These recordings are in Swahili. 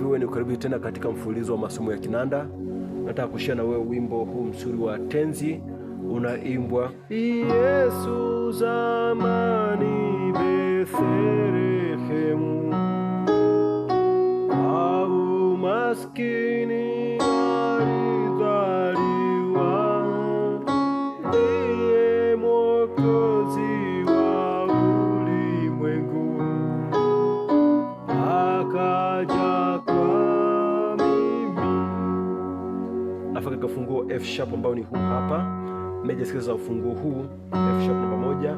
Asifiwe. Ni karibu tena katika mfululizo wa masomo ya kinanda. Nataka kushia na wewe wimbo huu mzuri wa tenzi unaimbwa Yesu zamani Bethlehemu au maskini F sharp ambao ni huu hapa, meja sikiza za ufunguo huu F sharp namba moja,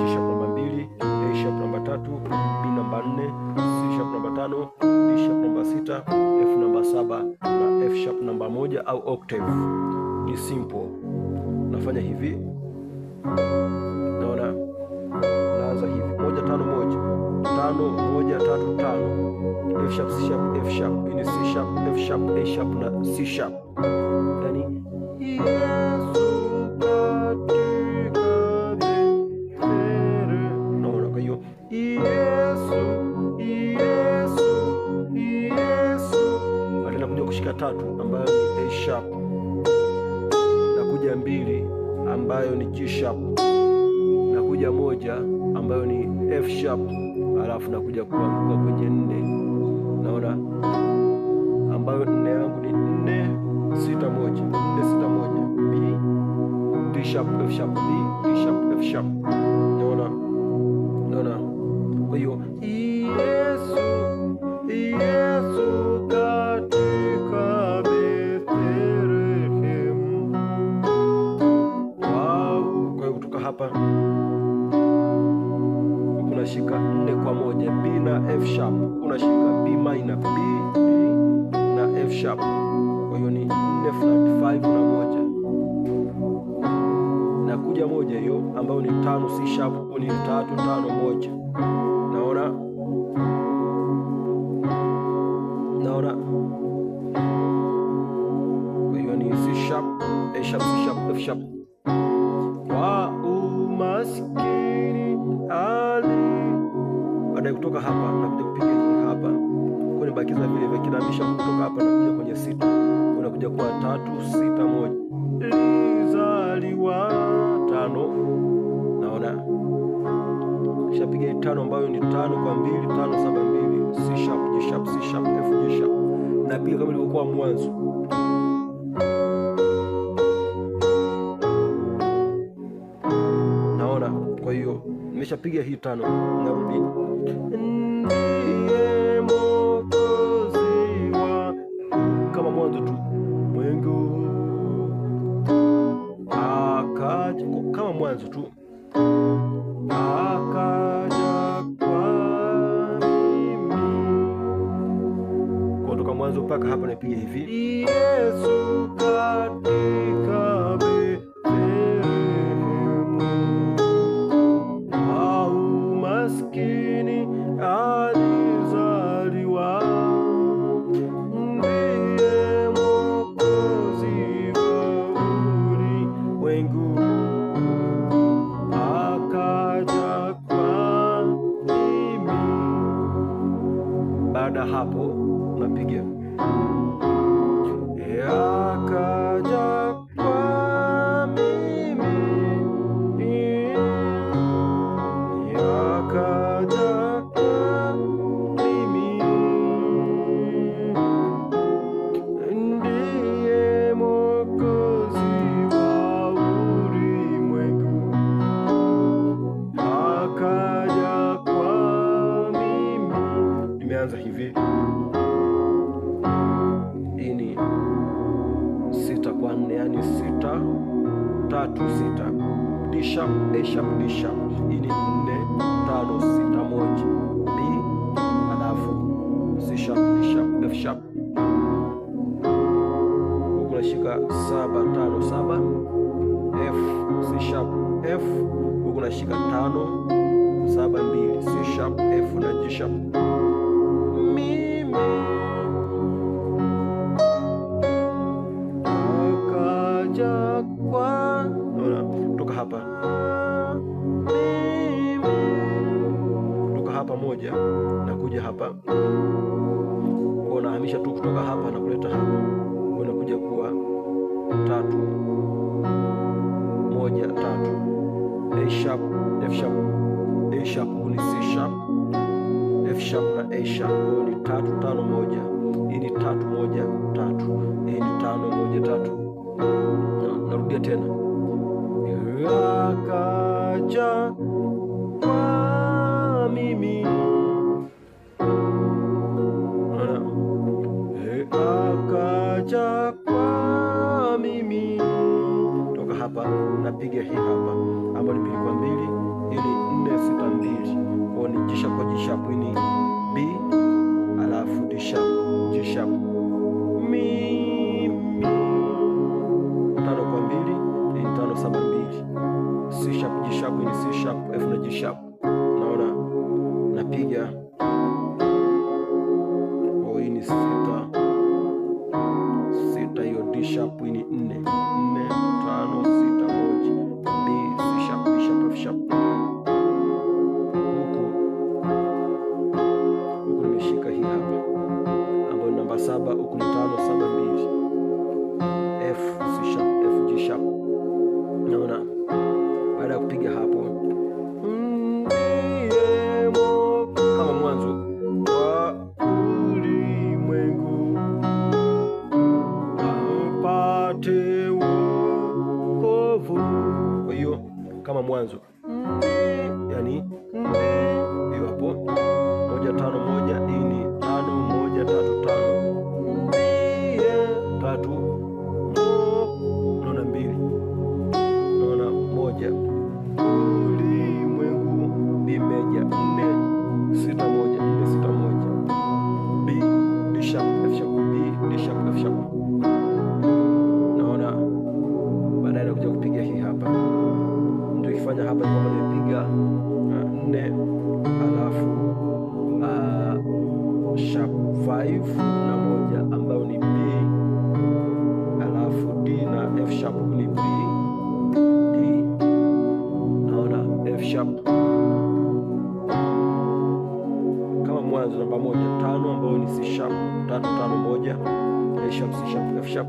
G sharp namba mbili, A sharp namba tatu, B namba nne, C sharp namba tano, D sharp namba sita, F namba saba na F sharp namba moja au octave. Ni simple, nafanya hivi, naona naanza hivi moja tano moja tano moja tatu tano F sharp C sharp F sharp ini C sharp F sharp A sharp na C sharp E Yesu, e Yesu, e Yesu. Hata nakuja kushika tatu ambayo ni A sharp, kuja mbili ambayo ni G sharp, nakuja moja ambayo ni F sharp, alafu nakuja kuanguka kwenye nne, naona ambayo nne yangu ni nne sita moja, nne sita moja, B D sharp, F sharp, B moja moja hiyo ambayo ni tano C sharp, huku ni tatu tano moja. Naona naona, kwa hiyo ni C sharp, A sharp, C sharp, F sharp. Kwa umaskini ali baada kutoka hapa nakuja kupiga hii hapa kwa ni bakiza vile vile kinamisha kutoka hapa nakuja kwenye sita unakuja kwa tatu sita moja. Lizaliwa kisha piga tano ambayo ni tano kwa mbili, tano saba mbili, C sharp, G sharp, C sharp, F G sharp. Na pia kama ilivyokuwa mwanzo. Naona, kwa hiyo nimeshapiga hii tano, narudi kama mwanzo tu mwengu akaja kama mwanzo tu mpaka hapa, napiga hivi Yesu itaanza hivi. Hii ni sita kwa nne, yani sita tatu sita, D sharp A sharp D sharp. Hii ni nne tano sita moja B, alafu C sharp D sharp F sharp, nashika saba tano saba F C sharp F, huku nashika tano saba mbili C sharp F na G sharp kutoka hapa kutoka hapa moja na hapa kwa, tu kutoka hapa na kuleta hapa, unakuja kuwa tatu moja tatu A sharp, F sharp, A sharp C sharp sharp na A eh, sharp. Kwa ni tatu tano moja, hii ni tatu moja tatu, hii eh, ni tano moja tatu. Narudia tena kisha kwa G ni B alafu D sharp, G sharp mi tano kwa mbili ni tano saba mbili C sharp G sharp ni C sharp F na G sharp. Naona napiga oh, hii sita sita, hiyo D sharp ni nne nne kama mwanzo yani dhaifu na moja ambayo ni B, alafu D na F sharp ni B D, naona F sharp kama mwanzo namba moja tano ambayo ni C sharp tatu tano moja A sharp C sharp F sharp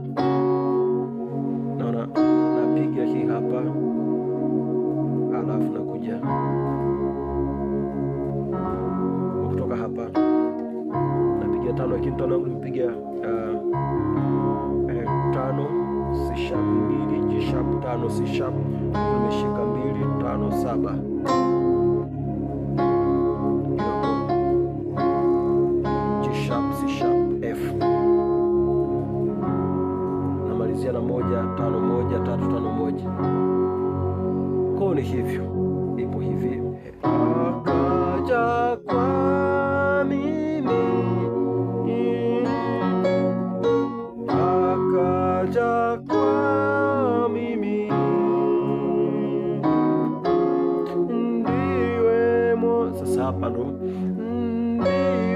tano, lakini tano yangu nimepiga uh, eh, tano C sharp mbili G sharp tano C sharp, nimeshika mbili tano saba G sharp C sharp F, namalizia na moja tano moja tatu tano moja. Kwa ni hivyo. sa man. Mm,